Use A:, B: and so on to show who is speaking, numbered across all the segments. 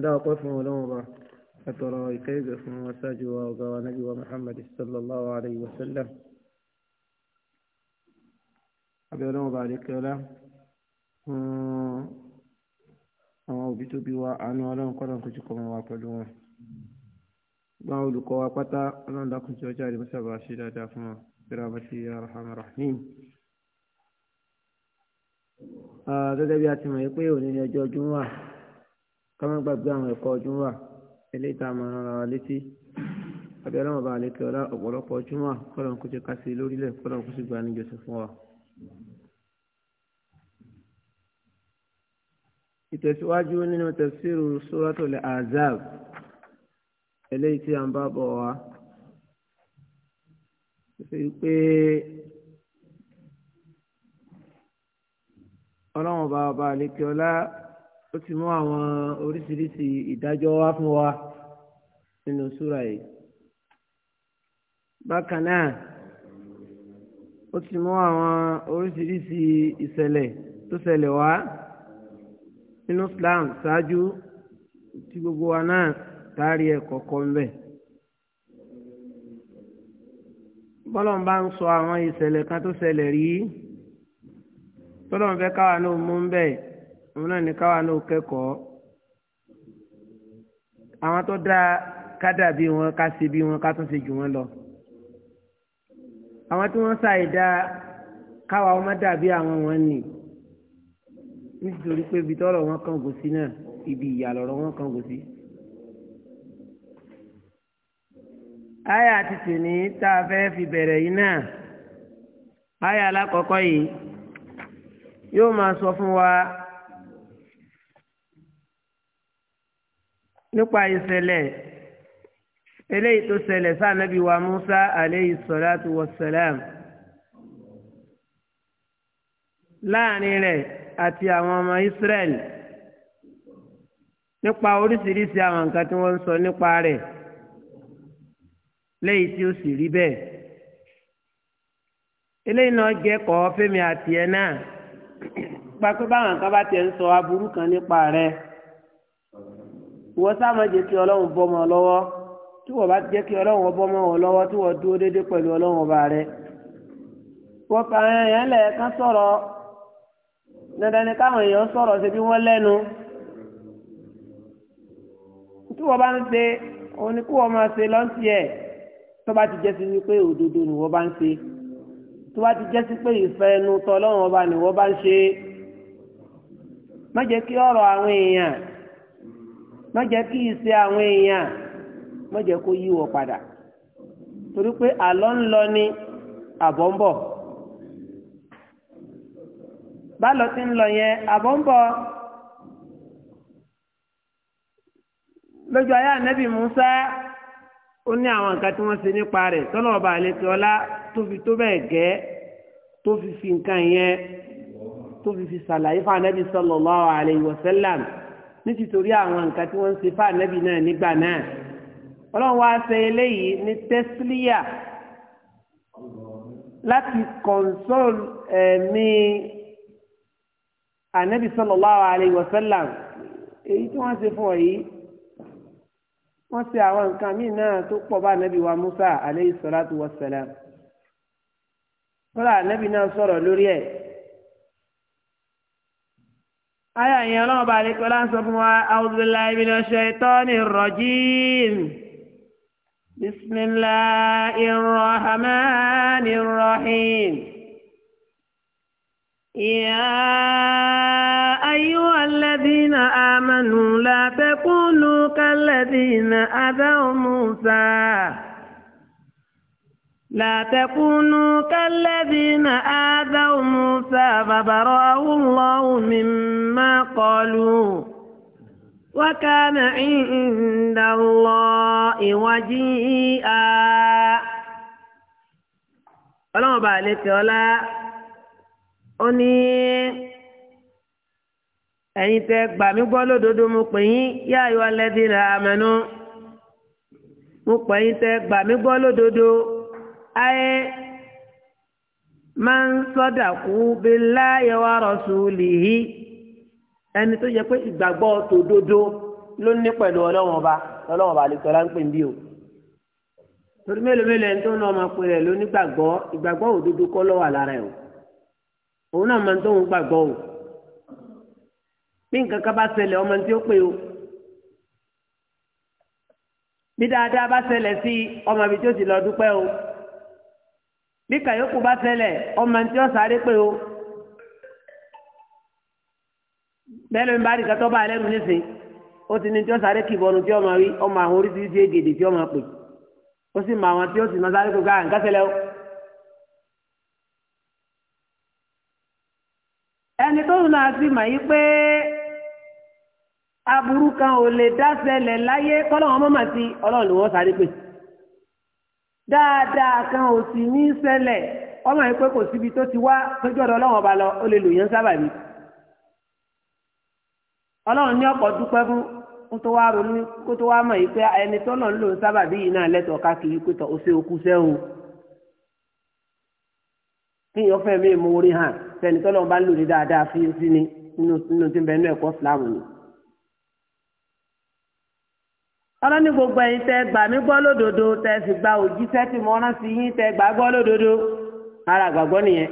A: adáwọ̀pẹ́ fún ọlọ́run ọba àtọ̀rọ̀ ìkẹ́yẹ̀gẹ̀ fún aṣáájú wa ọ̀gá wa nábì wa muhammad sallallahu alayhi wa sallam abẹ́ ọlọ́run ọba àdékẹ́ọ́lá fún àwọn òbí tó bí wa àánú ọlọ́run kọ́dọ̀ kò ti kọ́ wọn wá pẹ̀lú wọn gba olùkọ́ wa pátá ọlọ́run dákun tí ọjọ́ àdìmọ́sà bá ṣe dáadáa fún wa bíramati arhamar rahim ah, gẹ́gẹ́ bí a ti mọ̀ pé òní ni ọjọ́ júmọ́ Kama gbàgbé àwọn ẹ̀kọ́ júmọ́ eléyìí tá a máa rán ara létí abẹ́rẹ́ wọn bá lékè ọlá ọ̀pọ̀lọpọ̀ júmọ́ kọ́lọ̀ kó ṣe ká sí lórílẹ̀ kọ́lọ̀ kó sì gba níjọsìn fún wa. ìtẹ̀síwájú nínú tafsiru suratul azab eléyìí tí a ń bá bọ̀ wá ṣe pé ọlọ́wọ́n bá bá ọlá ó ti mú àwọn oríṣiríṣi ìdájọ́ wá fún wa nínú súra yìí bákan náà ó ti mú àwọn oríṣiríṣi ìṣẹ̀lẹ̀ tó ṣẹlẹ̀ wá nínú Islam ṣáájú tí gbogbo wa náà táàrí ẹ̀ kọ̀ọ̀kan ń bẹ. bọ́lọ̀n bá ń sọ àwọn ìṣẹ̀lẹ̀ kan tó ṣẹlẹ̀ rí tọ́lọ́n fẹ́ káwa náà mú ń òun náà ní káwa náà kẹ́kọ̀ọ́ àwọn tó dáa ká dàbí wọn ká ṣe bí wọn ká tún ṣe jù wọn lọ àwọn tí wọ́n ṣàì dáa káwa ọmọ dàbí àwọn wọn nì nítorí pé ibi tọ́rọ̀ wọn kàn gò sí náà ibi ìyà lọ́rọ̀ wọn kàn gò sí. àyà ti tìní tá a fẹ́ fi bẹ̀rẹ̀ yìí náà àyà alákọ̀ọ́kọ́ yìí yóò máa sọ fún wa. nípa ìṣẹ̀lẹ̀ eléyìí tó ṣẹlẹ̀ sáà nàbí wa Musa aleyhi salatu wa salam láàrin rẹ̀ àti àwọn ọmọ Israẹli nípa oríṣiríṣi àwọn nǹkan tí wọ́n ń sọ nípa rẹ̀ lẹ́yìn tí ó sì rí bẹ́ẹ̀ eléyìí náà jẹ́ kọ́ fẹ́mi àti ẹ̀ náà gba báwọn kan bá tiẹ̀ ń sọ aburú kan nípa rẹ̀ ìwọ sáà má jẹ́ kí ọlọ́run bọ́ mọ́ ọ lọ́wọ́ tí wọ́n bá jẹ́ kí ọlọ́run ọbọ̀ mọ́ ọ lọ́wọ́ tí wọ́n dúró déédéé pẹ̀lú ọlọ́run ọba rẹ. wọ́n pa àwọn èèyàn lẹ̀ ká sọ̀rọ̀ dandan ni káwọn èèyàn sọ̀rọ̀ ṣe bí wọ́n lẹ́nu. tí wọ́n bá ń ṣe òun ni kí wọ́n máa ṣe lọ́ǹtì ẹ̀ tó bá ti jẹ́ sí wípé òdodo ni wọ́n bá ń ṣe tó bá ti jẹ́ sí pé ìfẹ́ ẹnu tọ́ ọlọ́run ọba ni wọ́n bá ń ṣe. má jẹ́ kí ọ̀rọ̀ àwọn èèyàn má jẹ́ kí ìṣe àwọn èèyàn má jẹ́ kó yíwọ padà torí pé àlọ́ ń lọ ní àbọ̀ bálọ̀ ti ń lọ yẹn àbọ̀ lójú ayé ànábì Musa ó ní àwọn nǹkan tí wọ́n ṣe nípa rẹ̀ tọ́nà ọba àlejò ọlá tó fi tó bẹ́ẹ̀ gẹ́ tó fi fi nǹkan yẹn tó fi fi fún nítorí àwọn nǹkan tí wọ́n ń ṣe fáànẹ́bì náà nígbà náà ọlọ́run wá ṣe eléyìí ní tẹ́sílíà láti kọ̀ǹsọ́l ẹ̀mí ànẹ́bì sallallahu alaihi wasallam èyí tí wọ́n ṣe fún ọ yìí wọ́n ṣe àwọn nǹkan míì náà tó pọ̀ bá ànẹ́bì wa Musa alaihi salatu wassalam kọ́lá ànẹ́bì náà sọ̀rọ̀ lórí ẹ̀ ayé àyìn ọlọ́run bá lè pẹ́lá ń sọ fún wa auzubillahi minash shaitonir rajim bismillahir rahmanir rahim. يا أيها الذين آمنوا لا تكونوا كالذين أذوا موسى لا تكونوا كالذين آذوا موسى فبرأه الله مما قالوا وكان عند الله وجيئا ọlọ́run bá lè ọlá ó ní ẹ̀yin tẹ gbà mí gbọ́ lódodo mo pè yín yá ayọ̀ alẹ́ dín ra àmẹ́nu mo pè yín tẹ gbà mí gbọ́ lódodo ayé máa ń sọ́dà kú billahi wa rasulihi ẹni tó yẹ pé ìgbàgbọ́ tòdodo ló ní pẹ̀lú ọlọ́wọ́n ọba ọlọ́wọ́n ọba àlejò ọlá ń bí o torí mélòó mélòó ẹni tó ń lọ ọmọ pé rẹ̀ ló nígbàgbọ́ ìgbàgbọ́ òdodo kọ́ lọ́wọ́ lára ẹ̀ o òun náà máa ń tó ń gbàgbọ́ o bí nǹkan kan bá ṣẹlẹ̀ ọmọ tí ó pè o bí dáadáa bá ṣẹlẹ̀ sí ọmọ ibi tí ó ti lọ dúpẹ́ o. bí kàyọ́kù bá ṣẹlẹ̀ ọmọ tí ó sáré pé o bẹ́ẹ̀ ló ń bá nìkan tó bá ẹlẹ́nu ó ti ní tí ó sáré kì bọ́nu tí ọmọ rí ọmọ àwọn oríṣiríṣi ègèdè tí ọmọ pè ó sì mọ àwọn tí ó sì sáré o. ẹni tó ń náà sì yí pé aburú kan ò lè dá ṣẹlẹ̀ láyé kọ́lọ́wọ́n mọ́ màtí ọlọ́run ló wọ́n sáré dáadáa kan ò sì ní ṣẹlẹ̀ ọmọ yìí pé kò síbi tó ti wá tójú ọ̀dọ̀ ọlọ́run ọba lọ ó lè lò yẹn sábàbí ọlọ́run ní ọ̀pọ̀ dúpẹ́ fún kó tó wá ronú kó tó wá mọ̀ yìí pé ẹni tó lọ́n lò sábàbí yìí náà lẹ́tọ̀ọ́ káàkiri pé tọ́ òṣè okú sẹ́hùn kíyàn fẹ́ mi mú orí hàn fẹ́ni tó lọ́n bá lò ní dáadáa fi sí ni nínú tí ń bẹ nínú ẹ̀kọ́ fúlàmù ni. ọlọ́ni gbogbo ẹ̀yin tẹ́ gbà mí gbọ́ lódodo tẹ́ sì gba òjíṣẹ́ tí mo rán sí yín tẹ́ gbà gbọ́ lódodo ara àgbàgbọ́ nìyẹn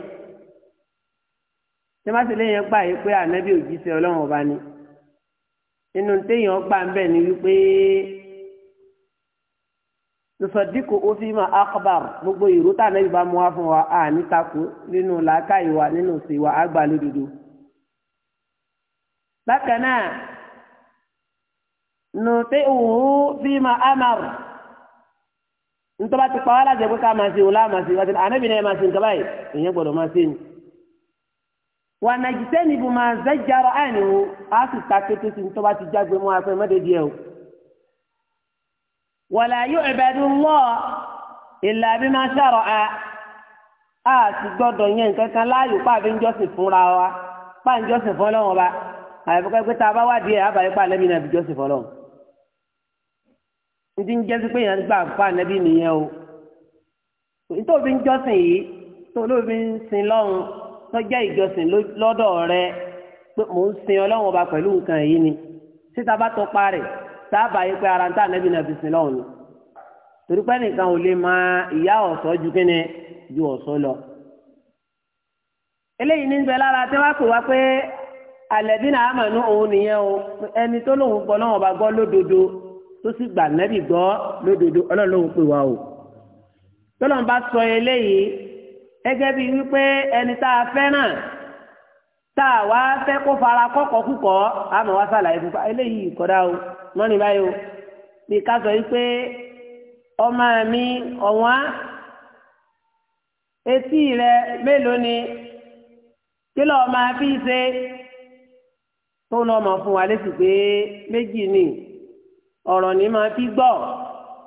A: tí má sì léyìn gbà yín pé ànábì òjíṣẹ́ ọlọ́run ọba ni nínú téèyàn gbà ń bẹ̀ ni wípé akbar gbogbo ìró tá ànábì bá mú wá fún wa à ní takò nínú làákàyè wa nínú òsè wa àgbà lódodo bákan náà. nùtí òwú fi ma amar ntọ́ba ti pa wá láti ẹ̀kọ́ ká máa ṣe òun láà máa ṣe wáṣẹ́ ànábì náà máa ṣe nǹkan báyìí èèyàn gbọ́dọ̀ máa ṣe ni. wà á nàìjíríà níbi máa zẹ́jàrọ̀ àìní o á sì ta kété sí ntọ́ba ti jágbe mọ́ afẹ́ mẹ́tẹ̀ẹ́ díẹ̀ o. wàlá yóò ìbẹ̀dù lọ ìlà bí máa ṣàrọ̀ a á sì gbọ́dọ̀ yẹn nǹkan láàyò pàbí njọ́sìn fúnra wa pàbí njọ́sìn fọlọ́wọ́n ndị ń jẹ́sí pé yẹn gbà o nítorí ń jọ́sìn yìí tó lóbi ń sin lọ́run ìjọsìn rẹ pé mò ń ọba pẹ̀lú nǹkan yìí ni síta bá tọ́ pa rẹ̀ sábà ara ń tà ànábì sin lọ́run ni torí pé nìkan ò lè ìyá ọ̀sọ́ lọ. eléyìí lára tí wọ́n pè wá pé o ẹni tó lóun gbọ́ ọba tó sì gbà nẹ́bì gbọ́ lódodo ọlọ́run pè wá o tọ́lọ́n bá sọ eléyìí gẹ́gẹ́ bíi wípé ẹni tá a fẹ́ràn tá a wá fẹ́ kó fara kọ́kọ́ kúkọ́ àmọ́ wá sàlàyé fún ah, eléyìí kọ́dá o mọ́ni báyìí o bí ká sọ wípé ọmọ mi ọ̀wọ́n etí rẹ mélòó ni kí lọ́ọ́ máa fi ṣe tó lọ́ọ́ mọ̀ fún wa lẹ́sìn pé méjì nìyí. ọ̀rọ̀ ni máa fi gbọ́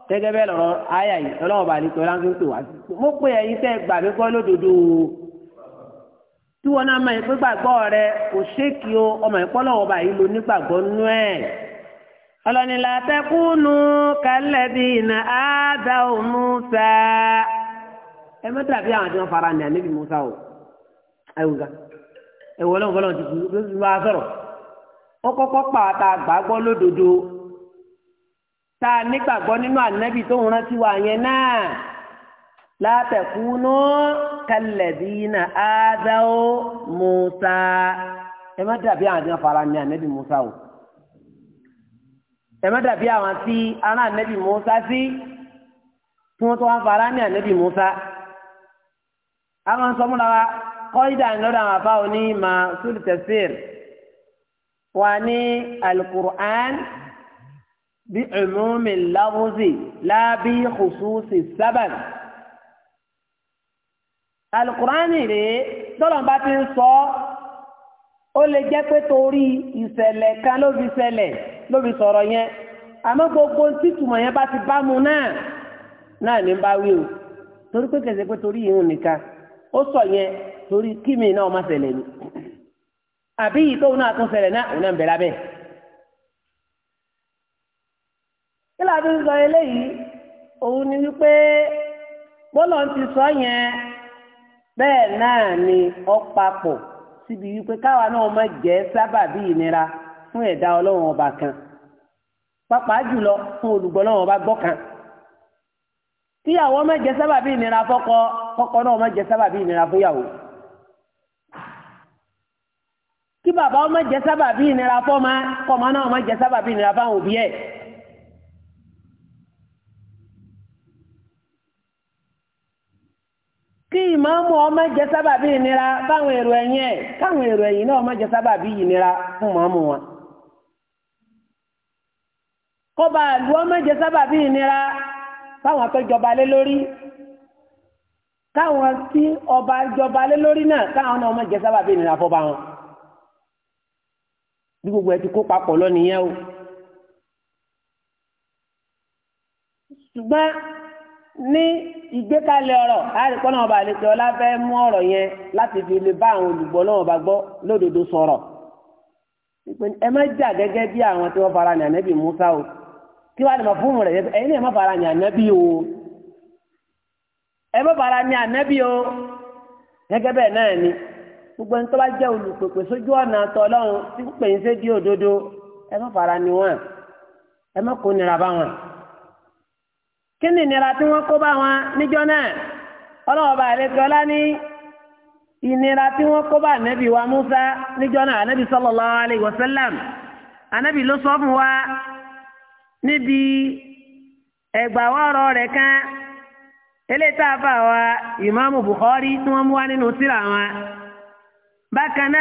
A: gẹ́gẹ́ bẹ́ẹ̀ lọ́rọ̀ ayà yìí ọlọ́wọ́ bá nítorí láti ń pè wá sí mo pè ẹ̀yin tẹ́ gbà mí gbọ́ lódodo tí wọn náà máa pé gbàgbọ́ rẹ kò ṣéèkì o ọmọ ìpọ́lọ́wọ́ bá yìí lo nígbàgbọ́ nú ẹ̀ ọlọ́nìlà kálẹ̀dì iná Musa ẹ àwọn tí wọ́n fara ní Musa o ti fi wá sọ̀rọ̀ ó kọ́kọ́ pàtàkì tá a nígbàgbọ́ nínú ànábì tó ń rántí wa yẹn náà látẹ̀kúnú kẹlẹ̀dínà ádáwó Musa ẹ má dàbí àwọn àdéhùn fara ní ànábì Musa o ẹ má dàbí àwọn tí ará ànábì Musa sí tí wọ́n tó wá fara ní ànábì Musa àwọn sọmúlá wa kọ́ ìdá ìlọ́dọ̀ àwọn àbáwọn ní ma sùlù tẹ̀síìr wà ní alukur'an bí ẹ̀mọ́mi láwùzì lábí kùsùsì sábàn. alukurani rèé tọ́lọ̀mbá ti ń sọ ó lè jẹ́ pé torí ìṣẹ̀lẹ̀ kan ló fi ṣẹlẹ̀ ló fi sọ̀rọ̀ yẹn àmọ́ gbogbo títùmọ̀ yẹn bá ti bá mu náà náà ní bá wí o torí pé kẹsẹ̀ pé torí ìhun nìkan ó sọ yẹn torí kíni náà má ṣẹlẹ̀ ni àbí ìtòun náà tún ṣẹlẹ̀ náà òun náà bẹ̀rẹ̀ abẹ́ kí láti ń sọ eléyìí òun ni wípé bọ́lọ̀ ti sọ yẹn bẹ́ẹ̀ náà ni ọ̀pápọ̀ síbi wípé káwa náà má jẹ́ sábàbí ìnira fún ẹ̀dá ọlọ́run ọba kan pàápàá jùlọ fún olùgbọ́ ọlọ́run ọba gbọ́ kan kíyàwó má jẹ́ sábàbí ìnira fọ́kọ fọ́kọ náà má jẹ́ sábàbí ìnira fúnyàwó kí bàbá má jẹ́ sábàbí ìnira fọ́mọ fọ́mọ náà má jẹ́ sábàbí ìnira fáwọn òbí ẹ̀. ìmáàmù ọmọ jẹ sábàbí ìnira báwọn èrò ẹ̀yìn ẹ̀ káwọn èrò ẹ̀yìn náà ọmọ jẹ sábàbí ìnira fún ìmáàmù wọn kọba àlù ọmọ jẹ sábàbí ìnira fáwọn àtọjọba lé lórí káwọn tí ọba jọba lé lórí náà káwọn náà ọmọ jẹ sábàbí ìnira fọba wọn bí gbogbo ẹ ti kó papọ̀ lónìí o ṣùgbọ́n ní ìgbékalẹ̀ ọ̀rọ̀ àríkọ́ náà bá lè tẹ ọlá fẹ́ mú ọ̀rọ̀ yẹn láti fi lè bá àwọn olùgbọ́ náà bá gbọ́ lódodo sọ̀rọ̀ ẹ má jà gẹ́gẹ́ bí àwọn tí wọ́n fara ní ànábì Musa o kí wàá fún rẹ̀ náà ẹ má ẹ má fara ní ànábì o gẹ́gẹ́ bẹ́ẹ̀ náà ni gbogbo ẹni Kini ni ìnira tí wọ́n kó bá wọn níjọ́ náà ọlọ́wọ́ bá ní ìnira tí wọ́n kó bá ànábì wa Musa níjọ́ náà ànábì sallallahu alaihi wasallam ànábì ló sọ fún wa níbi rẹ̀ kan Bukhari tí wọ́n mú nínú wọn bákan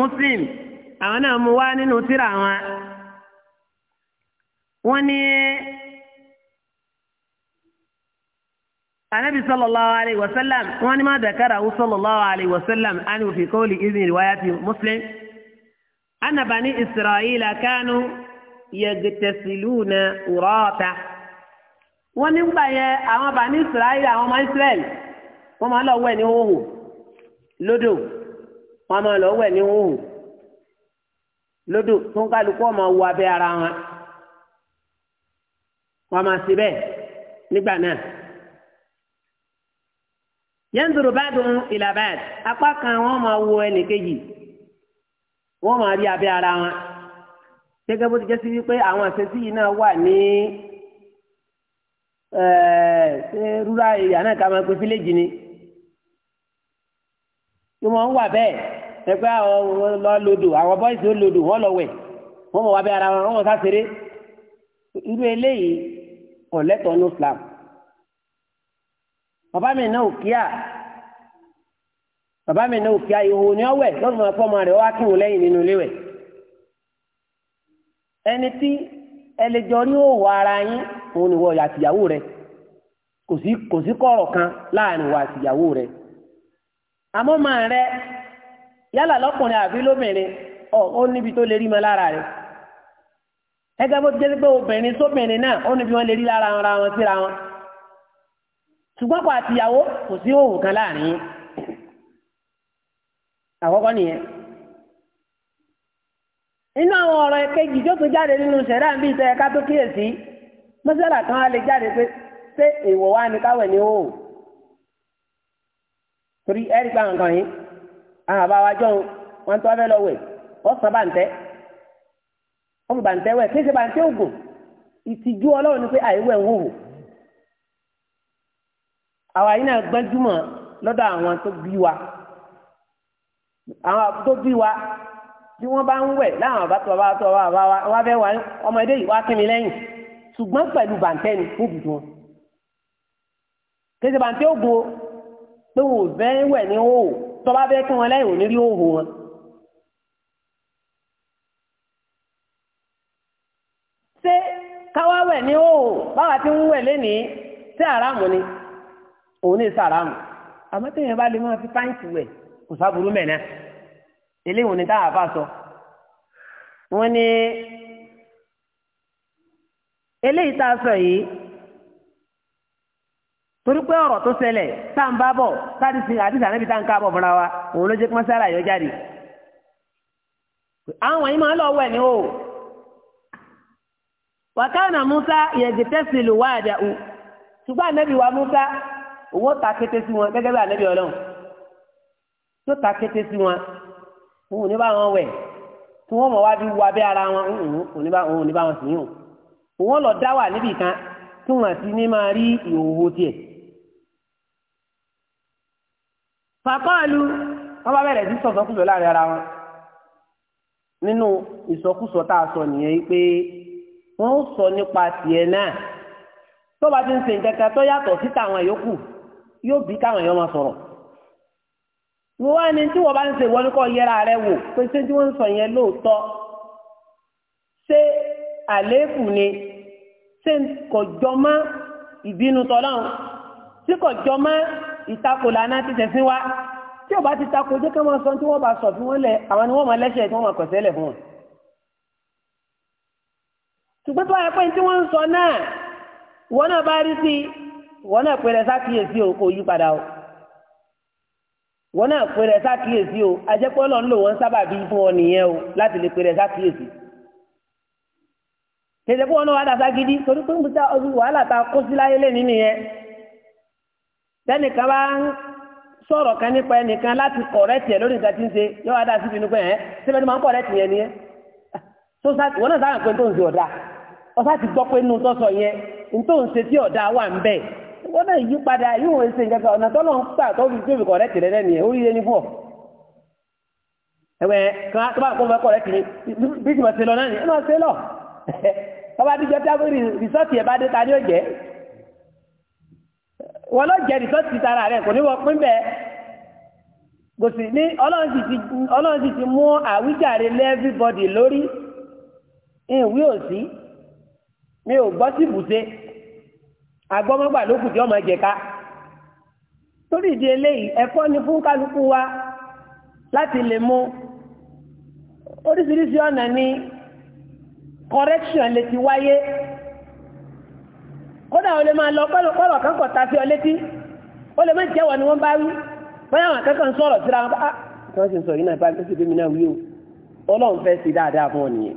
A: Muslim àwọn náà mú nínú anabi sallallahu alayhi wa sallam wọn ni máa dàkàrà wù sallallahu alayhi wa sallam ani òfin kọ́ọ̀lì ìdí riwayati muslim anna bani isra'ila kanu yagtasiluna urata wọn nígbà yẹn àwọn bani isra'ila àwọn ọmọ israel wọn máa lọ wẹ̀ ní hóhò lódò wọn máa lọ wẹ̀ ní hóhò lódò tó ń kálukú ọmọ wo abẹ́ ara wọn wọn máa ṣe bẹ́ẹ̀ nígbà náà yẹnzoro bá dùn ìlà báyìí apá kan wọn máa wo ẹnìkejì wọn máa rí abẹ́ ara wọn gẹ́gẹ́ bó ti jẹ́ sí wípé àwọn àṣetí yìí náà wà ní ṣe rúra èèyàn náà ká máa pe fíléjì ni tí wọ́n wà bẹ́ẹ̀ ẹgbẹ́ àwọn lọ lodò àwọn bọ́ìsì ó lodò wọ́n lọ wẹ̀ wọ́n mọ̀ wá bẹ́ ara wọn wọ́n mọ̀ sá ṣeré irú eléyìí ọ̀lẹ́tọ̀ọ́ ní Islam. Baba mi náà ò kíá bàbá mi náà ò kíá ìhòòhò ni ọwẹ lọ́nà máa fọ́ọ̀mù rẹ̀ wá kírun lẹ́yìn nínú ilé wẹ̀ ẹni tí ẹlẹ́jọ́ rí òwò ara yín òun ni wọ́n yà àtìyàwó rẹ̀ kò sí kò sí kọ̀rọ̀ kan láàrin wa àtìyàwó rẹ̀ àmọ́ màá rẹ yálà lọ́kùnrin àbí lóbìnrin ọ̀ ó níbi tó lè rí mọ́ lára rẹ̀ ẹgbẹ́ bó ti jẹ́ pé obìnrin sóbìnrin náà ó níbi wọ́n lè rí lára wọn síra wọn ṣùgbọ́n kọ àtìyàwó kò sí òwò kan láàrin àkọ́kọ́ nìyẹn inú àwọn ọ̀rọ̀ kejì tó tún jáde nínú ṣẹ̀dá ń bí ìtọ́ ẹ̀ka tó kíyèsí mọ́sálà kan á lè jáde pé ṣé èèwọ̀ wá ní káwẹ̀ ní òwò torí ẹ̀rí pa nǹkan yìí àwọn àbá jọ wọn tó wá fẹ́ lọ wẹ̀ ọ̀sán bàǹtẹ́ ọ̀sán bàǹtẹ́ wẹ̀ kí ṣe bàǹtẹ́ ògùn ìtìjú ọlọ́run ni pé àìwẹ̀ ń wò àwa yìí náà gbẹ́júmọ̀ lọ́dọ̀ àwọn tó bí wa àwọn tó bí wa bí wọ́n bá ń wẹ̀ láwọn àbá tó bá tó bá wa wá fẹ́ wá ọmọdé yìí wá kẹ́mi lẹ́yìn ṣùgbọ́n pẹ̀lú bàǹtẹ́ ni níbi tí wọn. kéde bàǹtẹ́ ògo pé wò fẹ́ wẹ̀ ní òwò tó bá fẹ́ kí wọn lẹ́yìn òní rí òwò wọn. ṣé káwá wẹ̀ ní òwò báwa ti ń wẹ̀ lénìí ṣé àràmù ni. òun ní sàrámù àmọ́ téèyàn bá fi kò táwọn sọ eléyìí tá a sọ yìí torí pé ọ̀rọ̀ tó ṣẹlẹ̀ tá à bá bọ̀ sáàdì sí àdìsí wa òun ló kí sára yọ jáde àwọn máa ń lọ o Musa wáàdà wa Musa. owó ta kété sí wọn gẹ́gẹ́ bí ànábì ọlọ́run tó ta kété sí wọn òun ò ní bá wọn wẹ̀ tí wọ́n mọ̀ wájú wọ abẹ́ ara wọn òun ò ní bá wọn sìn yìí o òun lọ dá wà níbì kan tí wọ́n ti ní máa rí ìhòòhò tiẹ̀. fàkọ́ọ̀lù wọ́n bá bẹ̀rẹ̀ sí sọ̀sọ́kùsọ láàrin ara wọn nínú ìsọkúsọ tá a sọ nìyẹn pé wọ́n sọ nípa tiẹ̀ náà tó bá ti ń ṣe nǹkan kan tó yàtọ̀ sí tàwọn yòókù yóò bí káwọn èèyàn máa sọ̀rọ̀ wọ́n wá ní tí wọ́n bá ń ṣe wọ́n ní kọ́ yẹra rẹ wò pé ṣé tí wọ́n ń sọ yẹn lóòótọ́ ṣé àléébù ni ṣé kò jọ mọ́ ìbínú tọ́lọ́run tí kò jọ mọ́ ìtakò lànà ti tẹ̀sí wa tí o bá ti takò jẹ́ ká máa sọ tí wọ́n bá sọ fún wọn lẹ̀ àwọn ni wọ́n máa lẹ́sẹ̀ tí wọ́n máa kọ̀sẹ́ lẹ̀ fún wọn. ṣùgbọ́n tó wáyé pé tí wọ́n ń sọ náà wọ́n náà bá rí sí i wọn náà pèrè sákìyèsí o kò yí padà o wọn náà pèrè sákìyèsí o ajẹpọlọ sábà bí fún ọ nìyẹn o láti lè pèrè sákìyèsí tètè kó wọn náà wà dàsá gidi torí pé ọdún wàhálà ta kó sí láyé lé nínú yẹn bá ń sọ̀rọ̀ kan nípa ẹnìkan láti lórí nǹkan tí ń ṣe yọ pé ẹ̀ ń ni ẹ́ wọn náà sáà ń pè tó ń ṣe ọ̀dà gbọ́ pé yẹn tó ń ṣe tí ọ̀dà wà ń bẹ́ẹ̀ wọ́n náà yí padà yóò ṣe nǹkan kan ọ̀nà tọ́lọ́ ń pà tó fi tóbi kọ̀rẹ́ tìrẹ lẹ́nu yẹn oríire ní fún ọ. ẹ̀wẹ̀ kan tó bá kó fẹ́ kọ̀rẹ́ tìrẹ bí tí mo ṣe lọ náà ni ẹ máa ṣe lọ. ọba àdìjọ tí a fi rìsọ́ọ̀tì ẹ̀ bá dé ta ni ó jẹ́ wọ́n lọ jẹ́ rìsọ́ọ̀tì tara rẹ̀ kò ní wọ́n pín bẹ́ẹ̀ gòsì ní ọlọ́run sì ti mú àwíjàre lẹ́ẹ́fíbọ̀dì lórí ìwé òsì mi ò gbọ́ sí ibùsẹ̀ agbọ́mọ́gbà ló kù tí ọmọ jẹ ká torí ìdí eléyìí ẹ̀kọ́ ni fún kálukú wa láti lè mú oríṣiríṣi ọ̀nà ni correction lè ti wáyé kódà o lè máa lọ kọ́lọ̀ kan kọ̀ ta sí ọ létí o lè má jẹ́wọ̀ ni wọ́n bá wí bóyá àwọn akẹ́kọ̀ọ́ ń sọ̀rọ̀ síra wọn bá ah, kí wọ́n sì ń sọ yìí náà bá ń tẹ́sí mi náà wí o ọlọ́run fẹ́ sí dáadáa fún ọ nìyẹn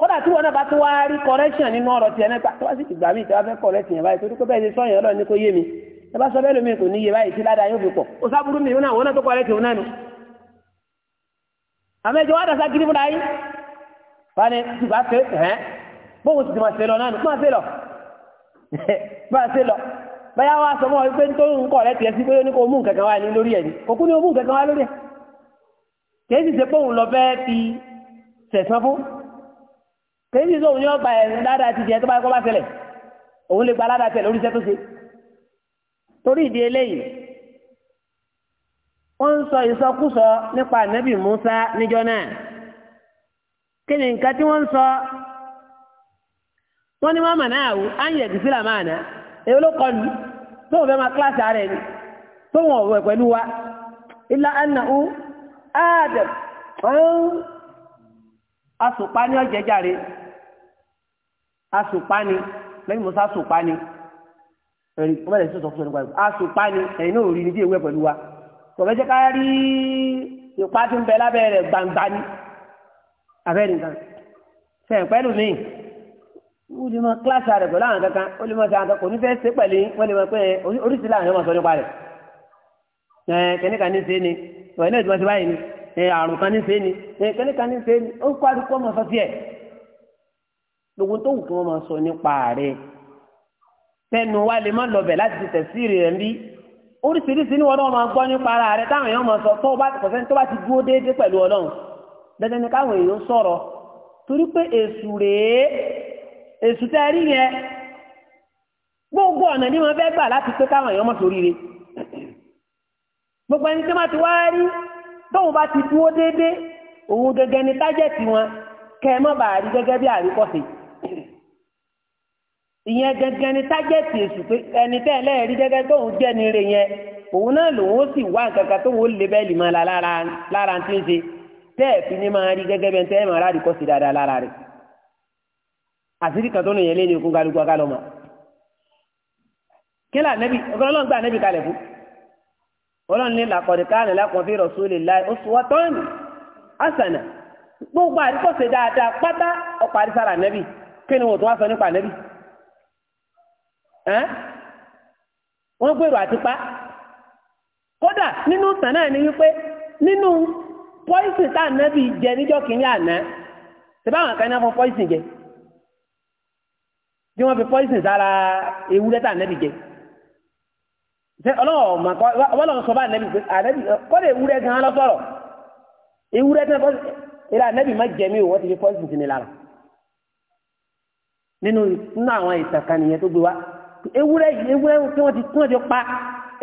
A: kódà tí wọn náà bá tún wá rí correction nínú ọ̀rọ̀ tiẹ̀ náà tó wá sì gbà mí ìtẹ́wá fẹ́ correction yẹn báyìí torí pé bẹ́ẹ̀ ṣe sọ yẹn ọlọ́run ní kó yé mi ẹ bá sọ bẹ́ẹ̀ lómi kò ní yé báyìí tí ládàá yóò fi pọ̀ ó sábúrú mi náà wọn náà tó correction òun náà nù. àmọ́ ìjọba àdàsá gidi fúnra yín fani tí bá fẹ́ ẹ̀hẹ́n bóun sì ti máa ṣe lọ náà nù máa ṣe lọ máa ṣe lọ báyà wá sọ mọ́ pé tó ń kọ̀ lẹ́tì ẹ sí pé fún kéjì sọ òun yóò ba ẹ̀rùn dáadáa ti jẹ́ tó bá bá ṣẹlẹ̀ òun lè gba aládàá tẹ̀ lórí tó ṣe torí ìdí eléyìí wọ́n ń sọ ìsọkúsọ nípa ànábì Musa níjọ́ náà kí ni nǹkan tí wọ́n ń sọ wọ́n ní mọ́mọ́ náà wò á ń yẹ èyí ló kọ́ ni tó fẹ́ máa kíláàsì ara ẹni tó wọ́n asopani lẹ́yìn mọ́sá asopani ẹ̀rí wọ́n bẹ̀rẹ̀ sí sọ́kùsọ́ nípa asopani ẹ̀yìn náà ò rí ni bí ewé pẹ̀lú wa tọ̀bẹ́ jẹ́ ká rí ipa tó ń bẹ lábẹ́ rẹ̀ gbangba ni abẹ́rẹ́ nǹkan sẹ́yìn pẹ́lú mi ó lè mọ kíláàsì rẹ̀ pẹ̀lú àwọn kankan ó lè mọ sàn kankan kò ní fẹ́ ṣe pẹ̀lú wọ́n lè mọ pé oríṣiríṣi làwọn ọmọ sọ nípa rẹ̀ kẹ́nìkan ní ṣe ni ìwà ilé ìjọba ti báyìí ni àrùn kan ní ṣe ni kẹ́nìkan ní ṣe ni ó kọ́ àdúgbò ọmọ sọ sí ẹ̀ gbogbo tó wù kí wọ́n máa sọ nípa rẹ̀ tẹnu wa lè má lọbẹ̀ láti fi tẹ̀síìrì rẹ̀ ń bí oríṣiríṣi ni wọn náà máa gbọ́ nípa ara rẹ̀ táwọn èèyàn máa sọ tó bá kọ̀sẹ́ tó bá ti dúró déédéé pẹ̀lú ọlọ́run dandan ni káwọn èèyàn sọ̀rọ̀ torí pé èṣù rèé èṣù tẹ́ rí yẹn gbogbo ọ̀nà ni wọ́n fẹ́ gbà láti pé káwọn èèyàn mọ̀ sórí rẹ̀ gbogbo ẹni tí wọ́n ti wá rí tóun bá ti dúró déédéé òun gẹ́gẹ́ ni tájẹ̀tì wọn kẹ́ ẹ mọ́ bàá rí gẹ́gẹ́ bí àríkọ́sí ìyẹn gẹ́gẹ́ ni tájẹ́tì èṣù pé ẹni tẹ́ ẹlẹ́ẹ̀rí gẹ́gẹ́ tóun jẹ́ ni rè yẹn òun náà lòun ó sì wá nǹkan kan tóun ó lè bẹ́ẹ̀ lè mọ́ la lára ń tí ń ṣe tẹ́ ẹ̀ fi ní máa rí gẹ́gẹ́ bẹ́ẹ̀ tẹ́ ẹ̀ máa rárí kọ́ sí dáadáa lára rẹ̀ àṣírí kan tó lè yẹn lé ní okun kálukú akálọ́ mọ́ kí là nẹ́bí ọ̀gbọ́n ọlọ́run gbà nẹ́bí kalẹ̀ fún ọlọ́run ní làkọ̀dé káàní lákùn fi rasulillahi uswatun hasana gbogbo àríkọ̀ṣe dáadáa pátá ọ̀pọ̀ àrísára nẹ́bí kí ni wọ́n tún wá sọ nípa nẹ́bí ẹ́ wọ́n gbèrò àtipá kódà nínú ìtàn náà ni wípé nínú pọ́ìsìn tá ànábì jẹ níjọ́ kìíní àná tẹ́báwọn kan náà fún pọ́ìsìn jẹ bí wọ́n fi pọ́ìsìn sára ewúrẹ́ tá ànábì jẹ ṣe ọlọ́wọ́ mà kọ́ ọlọ́wọ́ sọ bá ànábì pé ànábì kọ́dà ewúrẹ́ gan-an lọ sọ̀rọ̀ ewúrẹ́ tí wọ́n fọ́ ilé ànábì má jẹ o wọ́n ti fi pọ́ìsìn sí ni lára nínú nínú àwọn ìtàn kan nìyẹn tó gbé wá ewúrẹ́ yìí ewúrẹ́ tí wọ́n ti tún ẹ̀jọ pa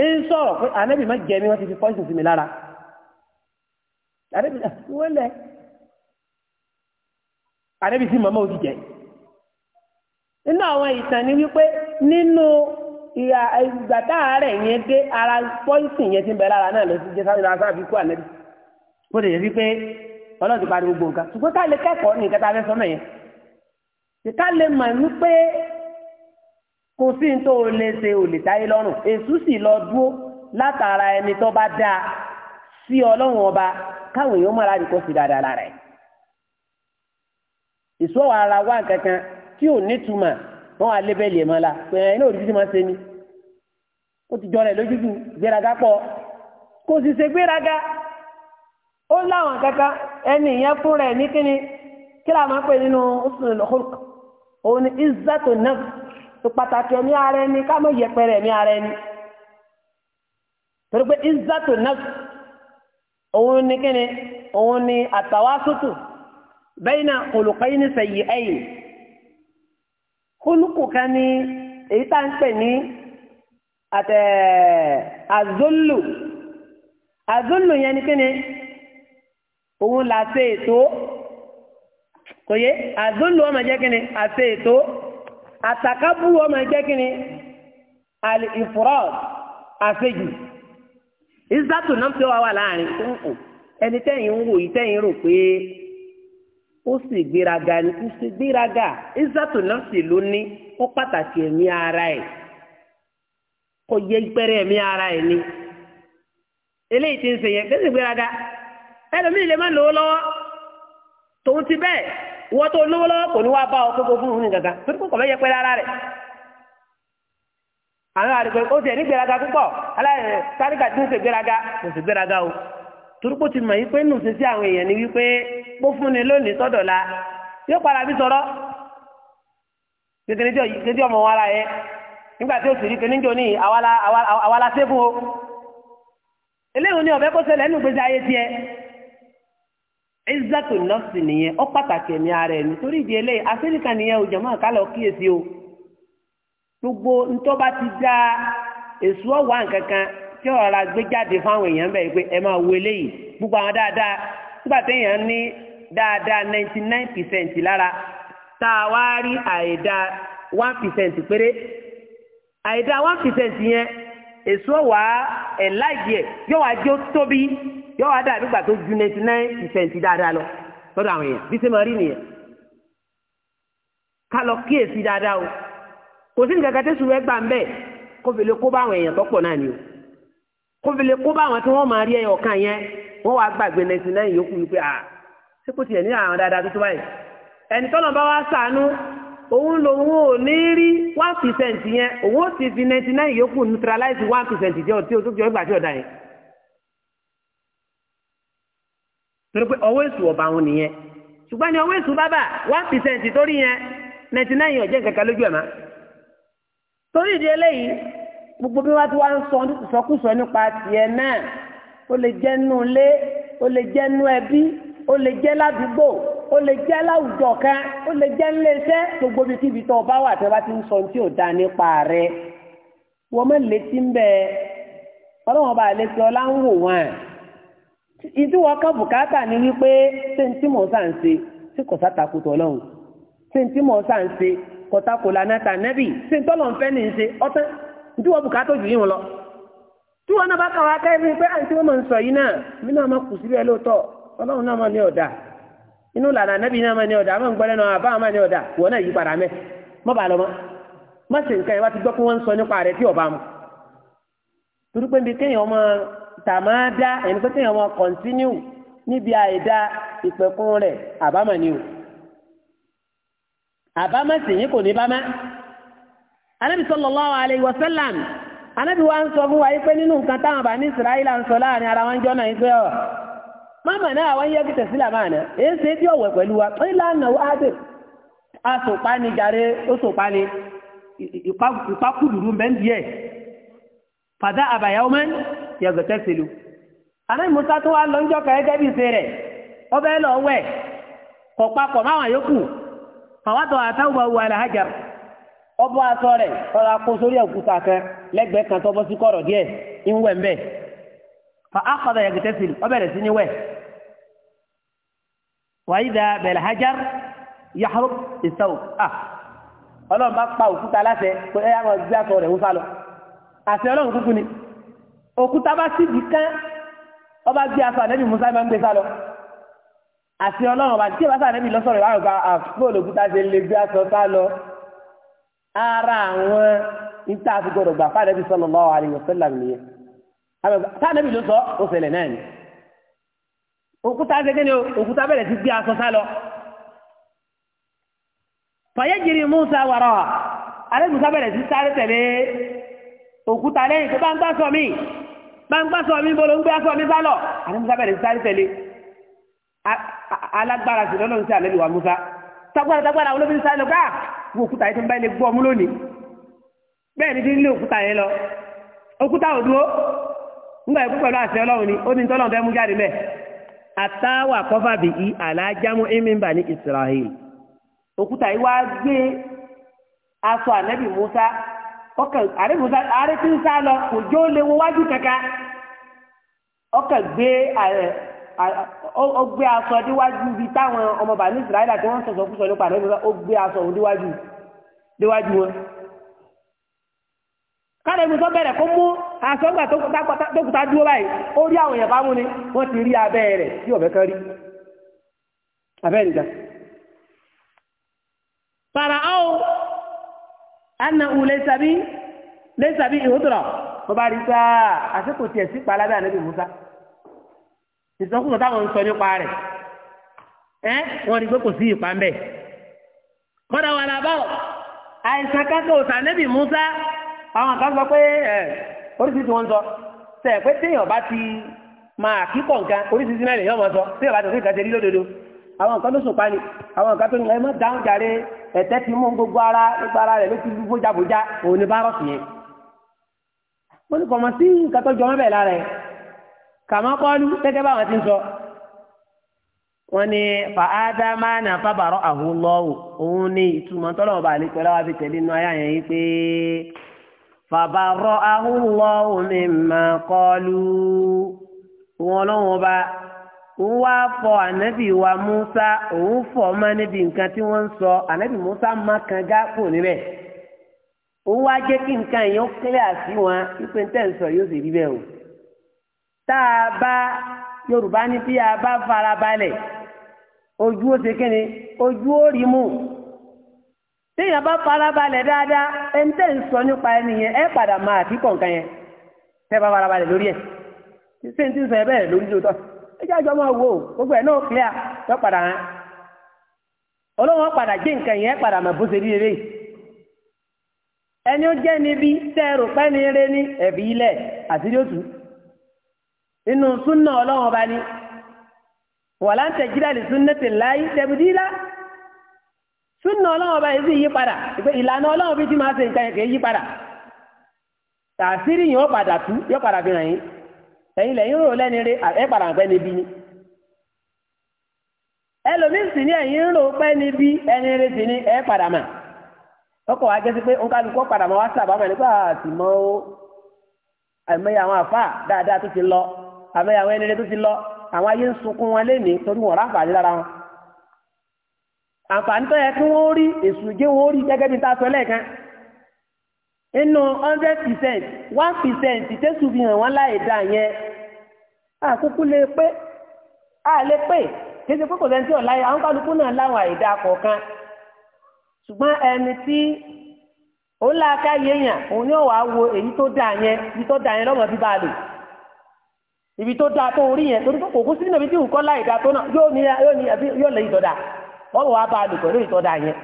A: ń sọ̀rọ̀ pé ànábì má jẹ́ mi wọ́n ti fi pọ́ìsì sí mi lára ànábì ah, wọ́n lẹ̀ ànábì sí màmá òjì jẹ́ nínú àwọn ìtàn ni wípé nínú ìyà ìgbà táàárẹ̀ yẹn dé ara pọ́ìsì yẹn ti ń bẹ lára náà lọ sí jẹ́ sáà fi kú ànábì kó lè yẹ wípé ọlọ́run ti parí gbogbo nǹkan ṣùgbọ́n ká lè kẹ́kọ̀ọ́ ní nǹkan tá a fẹ́ sọ mẹ́yẹn ká lè mọ̀ wípé kò sí ní tó o lè ṣe ò lè táyé lọ́rùn èṣù sì lọ dúró látara ẹni tó bá dáa sí ọlọ́run ọba káwọn èèyàn mọ̀ra rí kó sì dáadáa lára ẹ̀. èṣù ọ̀wọ́ ara wá kankan tí ò nítumọ̀ wọn wà lébẹ́lì ẹ̀ mọ́ la pé ẹ̀ náà òdìdí máa ṣe ni ó ti jọra ẹ̀ lójú gbéraga pọ̀ kò sì ṣe gbéraga ó láwọn kankan ẹni ìyẹn fúnra ẹ̀ ní kíni kí làwọn máa pè nínú ó sì lọ́kọ̀ọ́kọ̀ òun ni izzatu nafs tó pàtàkì ẹ̀mí ara ẹni ká má yẹpẹrẹ ẹ̀mí ara ẹni torí pé izzatu nafs òun ni kíni òun ni àtàwásùtù bayna khuluqayni sayyi'ayni kólùkù kan ní èyí tá ń pè ní àtẹ àzólù àzólù yẹn ni kíni òun là ṣe ètò kò yé àzólù ọmọ jẹ́ kíni àṣe ètò. àtàkàbù wọn máa jẹ́ kínní àlè ìfúrọ́d àfẹ́jù ìsátù náà fi wá wà láàrin ẹni tẹ́yìn ń wò yìí tẹ́yìn rò pé ó sì gbéraga ni ó sì gbéraga ìsátù náà sì ló ara ẹ̀ kò yẹ ẹ̀mí ara ẹ̀ ni eléyìí ti ń sèyẹn kí ó sì gbéraga ẹlòmíì lè má lò ti bẹ́ẹ̀. wọ́n tó lówó lọ́wọ́ kò ní wá bá ọ kókó fún òun nìkankan torí kò kọ̀ yẹ pẹ́ rárá rẹ̀ àwọn àdìgbò ó ti ẹ̀ ní gbéraga púpọ̀ aláìrẹ̀ sáríkà tí ń gbéraga kò sì gbéraga o torí kò ti mọ̀ yí pé nù sí sí àwọn èèyàn ni kó fún ni la yóò padà bí sọ̀rọ̀ kékeré tí ọmọ wa la yẹ nígbà tí sì rí ní àwa izzatu nafsi nìyẹn ó pàtàkì ẹ̀mí ara ẹ̀ nítorí ìdí eléyìí àṣíríkà nìyẹn ò jẹ̀mọ́ o gbogbo ntọ́ba ti dá èso ọ̀wá nkankan tí ọ̀rọ̀ gbé jáde fáwọn èèyàn bẹ́ẹ̀ pé ẹ máa wo eléyìí gbogbo àwọn dáadáa nígbà ní dáadáa ninety nine percent lára tá a wá rí àìdá one percent yọ wá dàbí gbà tó ju ninety nine percent dáadáa lọ lọ́dọ̀ àwọn èèyàn bí sẹ́mi rí nìyẹn ká lọ kíyèsí dáadáa o kò sí nǹkan kan tẹ́sùn rẹ gbà ń bẹ̀ kó fi lè kó bá àwọn èèyàn tó pọ̀ náà ni o kó fi lè kó bá àwọn tí wọ́n máa rí ẹyọ kan yẹn wọ́n wá gbàgbé ninety nine yòókù yìí pé à ṣé kò tiẹ̀ ní àwọn dáadáa tó tó báyìí ẹni tọ́lọ̀ bá wá sànú òun lòun ò ní rí one percent yẹn òun ó sì fi ninety nine yòókù neutralize one percent jẹ́ ọtí o tó jọ ìgbà torí pé ọwọ́ èṣù ọba òun nìyẹn ṣùgbọ́n ní ọwọ́ èṣù bábà one percent torí yẹn ninety nine ọ̀jẹ̀ kankan lójú ẹ̀ má. torí ìdí eléyìí gbogbo bí wọ́n ti wá ń sọ sọkúsọ nípa tiẹ̀ náà ó lè jẹ́ nú ilé ó lè jẹ́ nú ẹbí ó lè jẹ́ ládùúgbò ó lè jẹ́ láwùjọ kan ó lè jẹ́ nílé iṣẹ́ gbogbo ibi tíbi tó bá wà tẹ́ bá ti ń sọ tí ò da nípa rẹ̀ wọ́n mọ̀ létí ń bẹ́ẹ̀ ọlọ́wọ́n bá létí ọlá ń wò wọ́n ìdí wọn kan bùkátà ni wípé ṣé n tí mò ń sàn ṣe kò sátakò tọ lọ́hùn ṣé n ń ṣe kò nẹ́bì ṣé n ṣe ìdí wọn bùkátà jù yín lọ. tí wọn náà bá kà wá kẹ́rin pé àǹtí wọn máa ń sọ yìí náà mí náà máa kù lóòótọ́ ọlọ́run náà máa ní ọ̀dà inú lànà nẹ́bì náà máa ní ọ̀dà àmọ́ lọ gbọ́ tàmáàdá ẹni pé kéèyàn máa kọ̀ntínú níbi àìdá ìpẹ̀kun rẹ̀ àbámọ̀ ni o àbámọ̀ sì yín kò ní bámẹ́. anábì sallallahu alayhi wa sallam anábì wa ń sọ fún wa yí pé nínú nǹkan táwọn bá ní ìsirayílà ń sọ láàrin ara wọn jọ́nà yìí pé ọ̀ mama náà àwọn yẹ́ kìtẹ̀ sílẹ̀ máa nà èyí ṣe bí ọ̀wẹ̀ pẹ̀lú wa pé lánàá wá dé asòpá ni jàre ó sòpá ni ìpákùdùrú mbẹ́ndìẹ̀ fàdá àbàyáwó mẹ́rin yọ̀gọ̀tẹ́ sílu ànábì Musa tó wá lọ ń jọkọ̀ ẹgẹ́ bí ṣe rẹ̀ ó bẹ́ẹ̀ lọ wẹ̀ kọ̀ papọ̀ máwọn yòókù fàwátọ̀ àtàwọn ọwọ́ aláhájà ọbọ̀ aṣọ rẹ̀ ọ̀rọ̀ akó sórí òkúta kan lẹ́gbẹ̀ẹ́ kan tọ́bọ́ sí kọ̀rọ̀ díẹ̀ ń wẹ̀ ń bẹ̀ fa akọ̀dọ̀ yọ̀gọ̀tẹ́ bẹ̀rẹ̀ sí ní wẹ̀ wàyídà bẹ̀rẹ̀ ah, ọlọ́run òkúta bá sì di kán ọba gbé aṣọ ànẹ́bí musa máa ń gbé sálọ àti ọlọ́run ọba tí ìbáṣà ànẹ́bí lọ́sọ̀rọ̀ ìwà àrùbá àfóòlù òkúta ṣe lè gbé aṣọ sálọ ara àwọn níta àti gbọdọ̀ gbà fún ànẹ́bí sallallahu alaihi wasallam nìyẹn tánẹ́bí ló sọ ó ṣẹlẹ̀ náà ni òkúta ṣe kéde òkúta bẹ̀rẹ̀ sí gbé aṣọ sálọ fàyẹ́jìrì musa wàrà ànẹ́bí musa bẹ̀rẹ̀ sí sáré tẹ̀lé òkúta lẹ́yìn tó bá ń gbà sọ míì gbangba sọ mi bolo ń gbé aṣọ mi sálọ àti musa bẹ̀rẹ̀ sáré tẹ̀lé alágbára sí lọ́nà ń ìwà musa tagbara tagbara olóbi sáré lọ gbá ah! wo òkúta yìí tó ń bá ilé gbọ́ ọmú lónìí bẹ́ẹ̀ ni ti lé òkúta yẹn lọ òkúta ò dúró pẹ̀lú àṣẹ ọlọ́run ni ó ní fẹ́ mú jáde mẹ́ àtàwà kọ́fà bì ọkà àríwùsá àrí tí ń sá lọ òjò lè wo wájú kẹka ọkà gbé ó gbé aṣọ níwájú bíi táwọn ọmọọba ní Ísírẹ́lì àti wọ́n sọ̀sọ̀ kúsọ̀ nípa àríwùsá ó gbé aṣọ níwájú níwájú wọn. káàdì ìbùsọ̀ bẹ̀rẹ̀ kó mú aṣọ gbà tó kúta dúró báyìí ó rí àwọn èèyàn bá mú ni wọ́n ti rí abẹ́ rẹ̀ tí ọ̀bẹ kan rí abẹ́ nìkan. fara áwọ̀ annahu laysa bi laysa bi ba tó bá rí sá ah, àsìkò tiẹ̀ sí palábẹ́ ànábì Musa so sọ nípa rẹ̀ ẹ́ wọ́n rí pé kò sí ìpa ń bẹ̀ kọ́dà wà lábàrọ̀ àìsàn kankan òsà ànábì Musa àwọn kan sọ pe ẹ ti máa kíkọ̀ nǹkan oríṣiríṣi náà lèèyàn máa sọ téèyàn bá ti fi ìkàtẹ́ lílódodo àwọn kan pa ẹ̀tẹ́ ti mú gbogbo ara gbogbo ara rẹ̀ ló ti dúró jábòjá òun ni bárọ̀sì yẹn wọ́n ti kọ̀mọ̀ sí nǹkan tó lára ẹ̀ kàmá kọ́lu gẹ́gẹ́ báwọn ti ń sọ wọ́n ní fa ádámà nà fábàárọ̀ àhúlọ́wù òun ní ìtumọ̀ tọ́lọ̀ ọba àlẹ́ pẹ̀lú àwọn abitẹ̀lẹ́ inú ayé àyẹ̀ yìí pé fàbàárọ̀ àhúlọ́wù mi mà kọ́lu wọn lọ́wọ́ bá òun wá fọ ànábì wa Musa òun fọ ọmọ níbi nǹkan tí wọ́n ń sọ ànábì Musa má kanga kò níbẹ̀ òun wá jẹ́ kí nǹkan yẹn ó kílẹ̀ àti wọn wípé ń tẹ̀ ń sọ yóò sì rí bẹ́ẹ̀ o tá a bá Yorùbá ní bí a bá farabalẹ̀ ojú ó ṣe kíni ojú ó rí mú téèyàn bá farabalẹ̀ dáadáa ẹni tẹ́ nípa ẹni yẹn ẹ padà máa àti kọ̀ọ̀kan yẹn tẹ́ bá farabalẹ̀ lórí ẹ̀ ṣé n ti sọ ẹ bẹ́ẹ̀ lórí lóòótọ́. ẹjẹ́ àjọ máa wò gbogbo ẹ̀ náà clear yọ padà hàn olóhùn padà gbé nǹkan yẹn padà mọ̀ bó ṣe rí eré ẹni ó jẹ́ níbi tẹ́rù pẹ́ni eré ní ẹ̀bí ilẹ̀ àtìrí inú súnà ọlọ́run ọba ni wàlá ń jíra lè súnà tè láyé tẹ̀bùdí lá súnà ọlọ́run ọba yìí sì yí padà ìlànà ọlọ́run ti máa ṣe nǹkan yẹn kì í yí padà tàṣírí yìí ó padà tú yóò padà fi hàn yín. ẹ̀yin lẹ́yìn rò lẹ́ni rí ẹ̀ padà pẹ́ níbí ni ẹlòmíín sì ni ẹ̀yin rò ni mà wa pé nkálukọ́ padà mọ́ wá sábàámọ̀ nípa ó àwọn dáadáa ti lọ àmọ́yà àwọn ẹni rí tó lọ àwọn ayé ń sunkún wọn lé ní torí wọn lára wọn àǹfààní tó yẹ kí rí èsùn rí a inú hundred percent one percent tẹ́sù fi hàn wọ́n láì dá yẹn àkókò lè pé a lè pé kéde pé kò sẹ́ni tí ò láyé àwọn kálukú náà láwọn àìdá kọ̀ọ̀kan ṣùgbọ́n ẹni tí ó ń láaká yéèyàn òun yóò wá wo èyí tó dá yẹn ibi tó dá yẹn lọ́mọ bíbá lò ibi tó dá tó orí yẹn torí kò kú sí níbi tí nǹkan láì dá tó náà yóò ní yóò ní yóò lè ìtọ́da wọ́n wá bá a lò pẹ̀lú ìtọ́da yẹn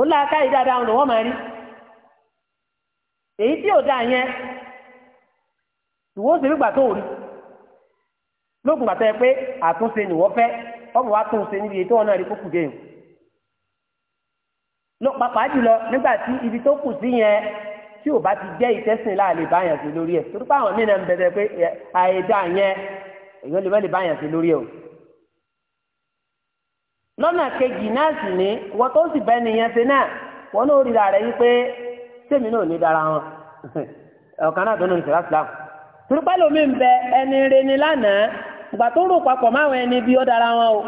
A: ó láaká yìí dáadáa lò wọ́n máa rí èyí tí ò dáa yẹn ìwọ ó ṣe nígbà tó rí lókùn àtẹ pé àtúnṣe nìwọ fẹ́ ọmọ wa tún ṣe níbi ètò ọ̀nà rí kókù dé yìí lọ pàápàá jùlọ nígbà tí ibi tó kù sí yẹn tí ò bá ti jẹ́ ìtẹ́sìn láàlè báyàn sí lórí ẹ̀ torí pé àwọn mìíràn ń bẹ̀rẹ̀ pé àìdá yẹn èèyàn lè mẹ́lẹ̀ báyàn sí lórí ẹ̀ o. lọ́nà kejì náà sì ni wọ́n tó sì bẹ́ni yẹn ṣe náà wọ́n náà rí ra rẹ̀ yí pé sẹ́mi náà ní dára wọn ọ̀kan náà tó ní ìṣẹ̀lá lomi ń bẹ ẹni rẹ ni lánàá ìgbà tó rò papọ̀ máwọn ẹni bí ó dára wọn o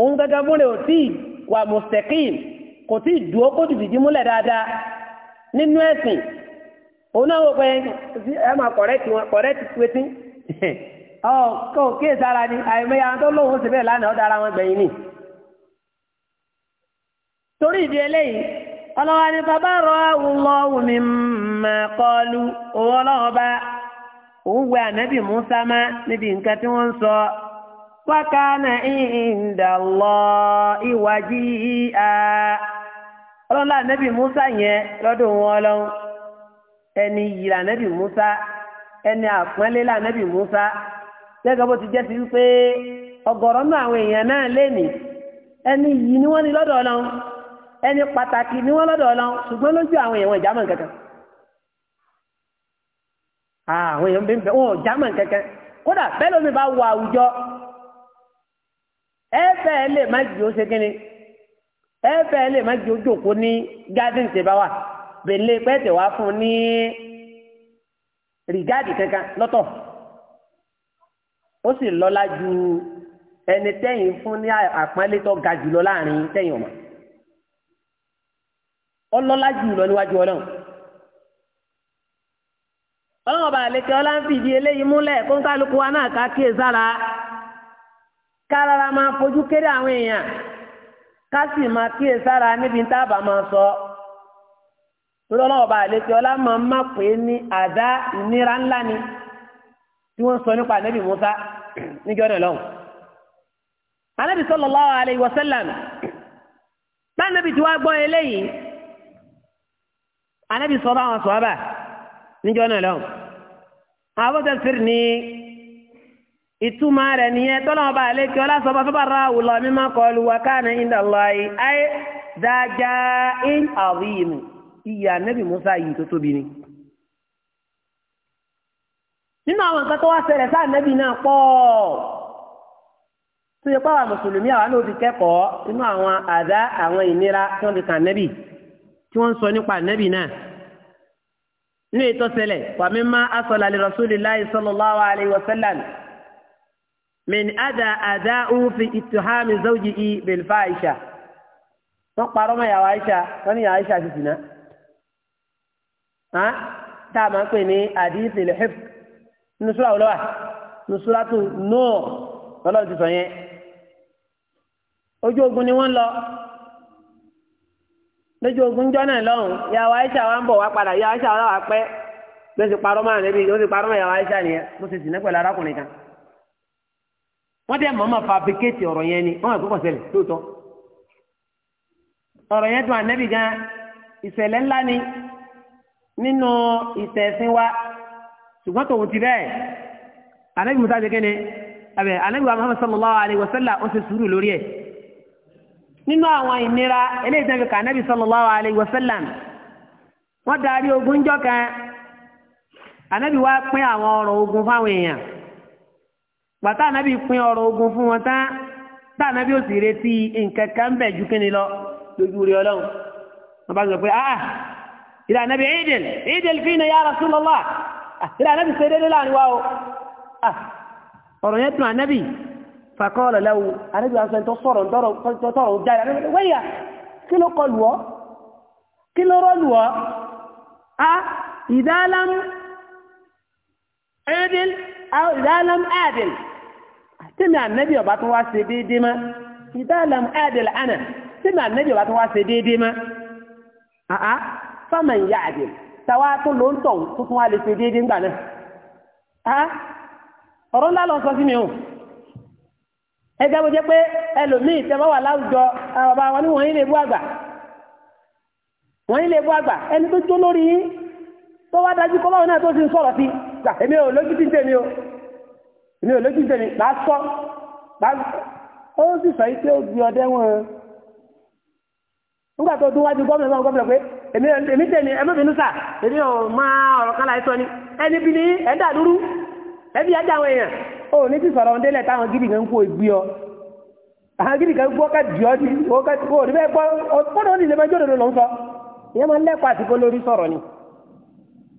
A: òun gẹ́gẹ́ múlẹ̀ ò wà mùsẹ̀kìm kò tí ì dúró kó múlẹ̀ dáadáa nínú ẹ̀sìn òun náà wò pé ẹ máa kọ̀rẹ́tì ni àìmọye àwọn tó lóun sì bẹ́ẹ̀ lánàá ó dára wọn gbẹ̀yìn torí ìdí eléyìí ọlọ́wà ní bàbá rọ Allahu kọlu qalu owó ọlọ́wọ́ bá òun wẹ ànábì Musa níbi nǹkan tí wọ́n ń sọ wa kana inda Allahi ọlọ́lá ànábì Musa yẹn lọ́dọ̀ wọn ọlọ́run ẹni yìí lànábì Musa ẹni àpọ́nlé Musa gẹ́gẹ́ bó ti jẹ́ sí àwọn èèyàn náà lé ní ẹni ẹni pàtàkì ni wọ́n lọ́dọ̀ ọlọ́run ṣùgbọ́n lójú àwọn èèyàn ìjámọ̀ kankan àwọn èèyàn bẹ́ẹ̀ wọn ìjámọ̀ kankan kódà bẹ́ẹ̀ lómi bá wọ àwùjọ ẹ̀fẹ̀ lè má jì ó ṣe kíni ẹ̀fẹ̀ lè má jì ó jòkó ní gádìn tẹ̀ bá wà bẹ̀lẹ́ pẹ́ẹ́tẹ̀ wá fún ní rìgáàdì kankan lọ́tọ̀ ó sì lọ́lá ju ẹni tẹ́yìn fún ní àpọ́nlé ga jùlọ láàrin tẹ́yìn ọ̀mọ́. ọlọ́lá jù lọ níwájú ọlọ́run ọlọ́run ọba àlekè ọlá ń fìdí eléyìí múlẹ̀ kó ń kálukú wa náà ká kíyè sára kárara máa fojú kéré àwọn èèyàn ká sì máa kíyè sára níbi tá a bá máa sọ torí ọlọ́run ọba àlekè ọlá máa má pè é ní àdá ìnira ńlá ni tí wọ́n sọ nípa Musa níjọ́ náà lọ́hùn. tí wàá gbọ́ eléyìí. anabi sọ̀rọ̀ àwọn sọ̀ọ́bà níjọ́ náà lọ́wọ́ àwọn bó tẹ̀sírì ní ìtumọ̀ rẹ̀ nìyẹn tọ́lọ́wọ́ bá alẹ́ kí ọlá sọ bá fẹ́bà ra àwùlọ mímọ́ kọlu wa káàní ìdá lọ́ọ̀yì ayé dájá in àwìn ìyá anabi musa yìí tó tóbi ni. nínú àwọn nǹkan tó wá anabi náà pọ̀ tó yẹ pé àwọn mùsùlùmí àwọn náà kẹ́kọ̀ọ́ nínú àwọn àdá àwọn ìnira tí wọ́n fi kàn anabi. tí wọ́n ń sọ nípa ànábì náà ní ètò wàmí má asọ̀lá lè rasulillahi sallallahu alayhi wa sallam min ada ada ufi ituhami i bil fahisha wọ́n parọ́ mọ́ yàwó Aisha wọ́n ní Aisha ti sìnà tá a máa ń pè ní àdìsí lẹ́hìf nusura wọlé wa nusura tún nọ́ọ̀ ọlọ́run ti sọ yẹn ojú ogun ni wọ́n lọ. lójú ogun jọ náà lọ́hùn yàwó aisha wa ń bọ̀ wá padà yàwó aisha wa pẹ́ bí ó ti parọ́ máa níbi ó ti parọ́ máa yàwó aisha nìyẹn mo ti sì ní pẹ̀lú arákùnrin kan. wọ́n dẹ́ mọ̀ọ́mọ̀ fabricate ọ̀rọ̀ yẹn ni wọ́n àgbẹ̀kọ̀ ṣẹlẹ̀ lóòótọ́. ọ̀rọ̀ yẹn dùn ànẹ́bì gan ìṣẹ̀lẹ̀ ńlá ni nínú ìtẹ̀sìn wa ṣùgbọ́n tòun ti bẹ́ẹ̀ ànẹ́bì musa ṣe kéde àbẹ̀ ànẹ́bì wa muhammad sallallahu alayhi wa sallam ó ṣe sùúrù nínú àwọn ìnira eléyìí tẹ́lẹ̀ kà nẹ́bí sallallahu alayhi wa sallam wọ́n darí ogun jọ kan ànẹ́bí wa pín àwọn ọ̀rọ̀ ogun fáwọn èèyàn pàtà ànẹ́bí pín ọ̀rọ̀ ogun fún wọn tán tá ànẹ́bí ò sì retí nǹkan kan bẹ̀ ju kíni lọ lójú rí ọlọ́run wọ́n bá sọ pé ah ìlà ànẹ́bí ìdìl ìdìl ya ìlà ànẹ́bí láàrin wa o ah, ọ̀rọ̀ yẹn tún fàkọ́ọ̀lọ̀ lẹ́wọ̀ àníbi àṣẹ tó sọ̀rọ̀ tọ́rọ̀ jáde àníbi wẹ́yà kí ló kọ lù ọ́ kí ló rọ́ lù ọ́ a ìdálam ẹ̀dìl ìdálam ẹ̀dìl tẹ́mi ànábì ọba tó wá ṣe déédé má ìdálam ẹ̀dìl ànà tẹ́mi ànábì ọba tó wá ṣe déédé má ẹgbẹ́ bó jẹ́ pé ẹlòmíì tẹ́ bá wà láwùjọ àwọn ni lè bú àgbà wọnyí lè bú àgbà ẹni tó jó lórí yín tó wá dájú kọ́ báwọn náà tó ti ń sọ̀rọ̀ sí gbà èmi ò lójú tí tèmi o èmi ò lójú tèmi bá sọ bá ó sì sọ pé ó di ọdẹ wọn nígbà o oh, ní ti sọ̀rọ̀ ọ̀ndẹ́lẹ̀ táwọn gidi kan kú ìgbé ọ àwọn gidi kan gbọ́ ká dì ọ́ di ó ká ó ní bẹ́ẹ̀ gbọ́ ọ̀pọ̀lọpọ̀ ní ìlẹ́mọ̀ jòdòdò ló ń sọ ìyẹn máa lẹ́kọ̀ọ́ àti kó lórí sọ̀rọ̀ ni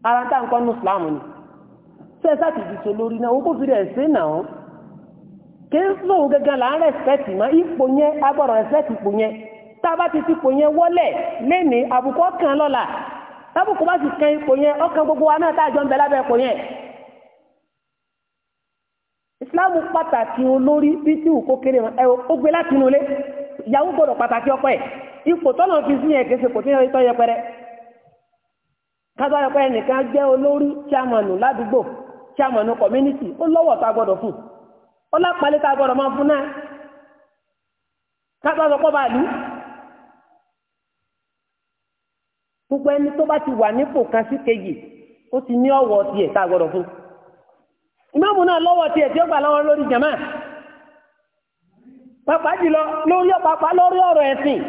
A: ara tá nǹkan ni ṣé ẹ̀sà ti dìtò lórí náà ó kó fi náà kí ń lóun gangan là ń rẹ̀spẹ̀tì mọ́ ipò yẹn agbọ́dọ̀ rẹ̀spẹ̀tì ipò yẹn tá a bá ti tipò yẹn wọ́lẹ̀ lénìí àbùkù ọkàn lọ́la tábùkù bá ti gbogbo wa náà tá ń ìsìláàmù pàtàkì olórí bí tí ò kó kéré wọn ẹ̀rọ ó gbé láti inú ilé ìyàwó gbọ́dọ̀ pàtàkì ọkọ ẹ̀ ipò tọ́nà fi sí yẹn kése kò tí yẹn tọ́ yẹpẹrẹ kábàáyọ pé ẹnìkan jẹ́ olórí chairmanu ládùúgbò chairmanu community ó lọ́wọ́ tá a gbọ́dọ̀ fún ó lápalẹ́ tá a gbọ́dọ̀ máa fún náà kábàáyọ pọ́ bá lù gbogbo ẹni tó bá ti wà nípò kan sí kejì ó ti ní ọ̀wọ̀ tiẹ̀ tá a gbọ́dọ̀ fún ìmáàmù náà lọ́wọ́ tiẹ̀ tí ó gbà lọ́wọ́ lórí jàmáà pàápàá jùlọ lórí pàápàá lórí ọ̀rọ̀ ẹ̀sìn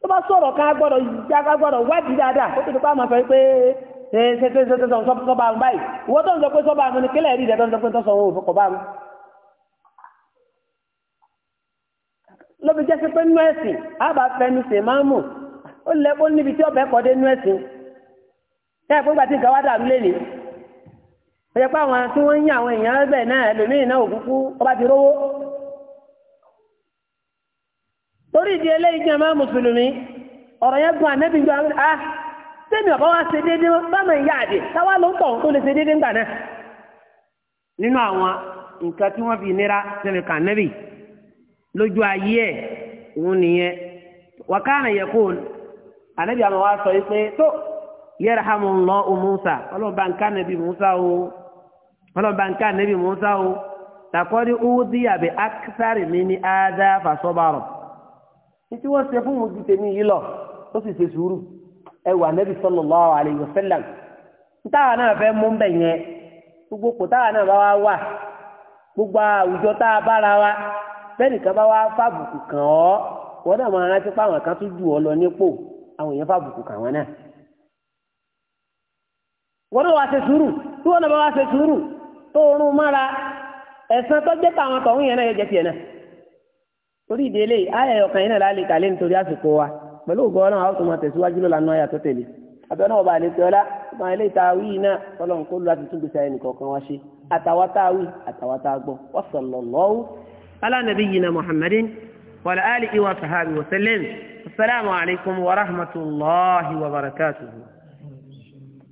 A: tó bá sọ̀rọ̀ ká gbọ́dọ̀ já ká gbọ́dọ̀ wádìí dáadáa ó ti di pàmò fẹ́ pé ṣe ṣe ṣe ṣe sọba àwọn báyìí wọ́n tó ń sọ pé sọba àwọn oníkílẹ̀ rí ìdẹ́ tó ń sọ pé tó sọ wọn ò fọkọ̀ bá wọn. lóbi jẹ́ sí pé nú ẹ̀sìn àbá fẹnu sè máa mú ó lẹ́kọ́ níbi tí ọ̀bẹ kọ́ dé nú ẹ̀sìn. ẹ ọ pé àwọn tí wọ́n ń yàn àwọn èèyàn bẹ̀ náà ẹlòmíì náà òkúkú ọba ti rówó torí ìdí eléyìí jẹ́ máa mùsùlùmí ọ̀rọ̀ yẹn gun ànẹ́bí ju àwọn ah, tẹ́mi ọ̀bá wa ṣe déédéé báwọn ìyá àdè táwa ló ń tọ̀ tó lè ṣe déédéé ńgbà náà nínú àwọn nǹkan tí wọ́n fi nira kà lójú ayé ẹ̀ òun nìyẹn wàkàrà yẹ kó wa sọ pé tó ọlọ́ba nǹkan níbi musa o tàkọ́rí uwúdí àbí akisari mi ní ádá fàṣọbarọ̀ títí wọ́n ṣe fún mojú tèmi yìí lọ ó sì ṣe sùúrù ẹ wà nẹ́bí sallallahu alayhi wa sallam ntáwa náà fẹ́ mú bẹ̀ yẹn gbogbo kò táwa gbogbo àwùjọ tá a bára wa bá wá kàn ọ́ wọ́n náà máa rántí kan jù lọ nípò àwọn èèyàn kàn wọ́n náà tó mara mọ́ra ẹ̀sán tó jẹ́ tàwọn tọ̀hún yẹn náà yóò jẹ́ tiẹ̀ náà torí ìdílé ayẹyẹ ọkàn yẹn náà lálẹ́ kàlẹ́ nítorí àsìkò wa pẹ̀lú ògbọ́ ọlọ́run àwọn tó máa tẹ̀síwájú lọ́la náà yàtọ̀ tẹ̀lé abẹ́ náà ọba àlejò ọlá ọba ilé ìtawí náà ọlọ́run kó lu láti tún gbèsè ẹnì kọ̀ọ̀kan wá ṣe àtàwa tá a wí àtàwa tá a gbọ́ wa sallallahu ala nabiyyina muhammadin wa iwa wa sallam alaikum wa wa barakatuhu.